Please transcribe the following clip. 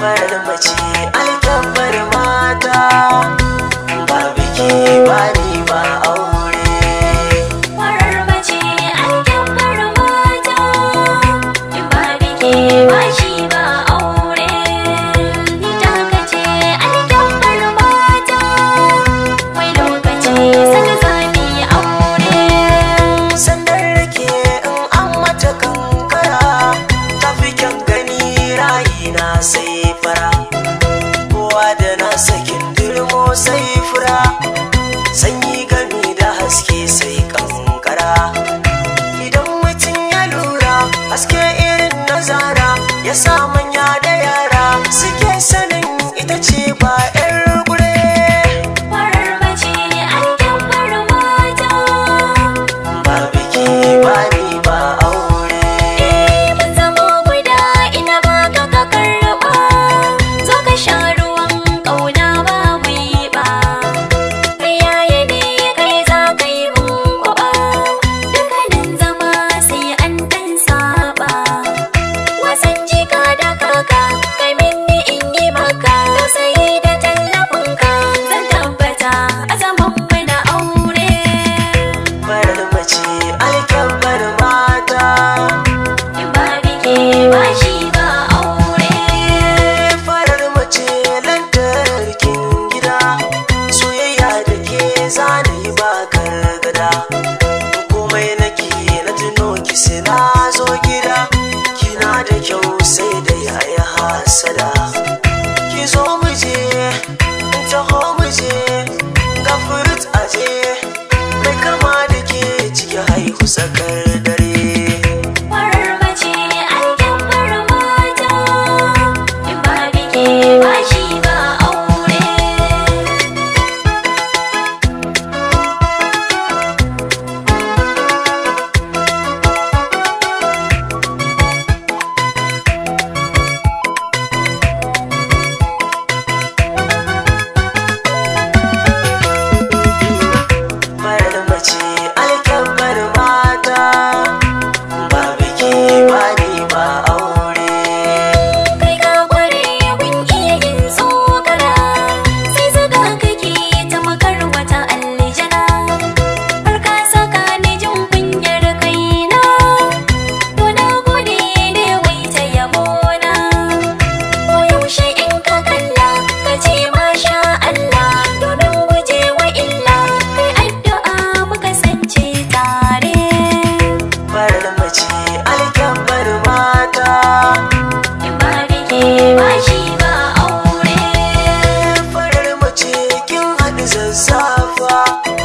para haske irin na zara ya sa manya da Wow.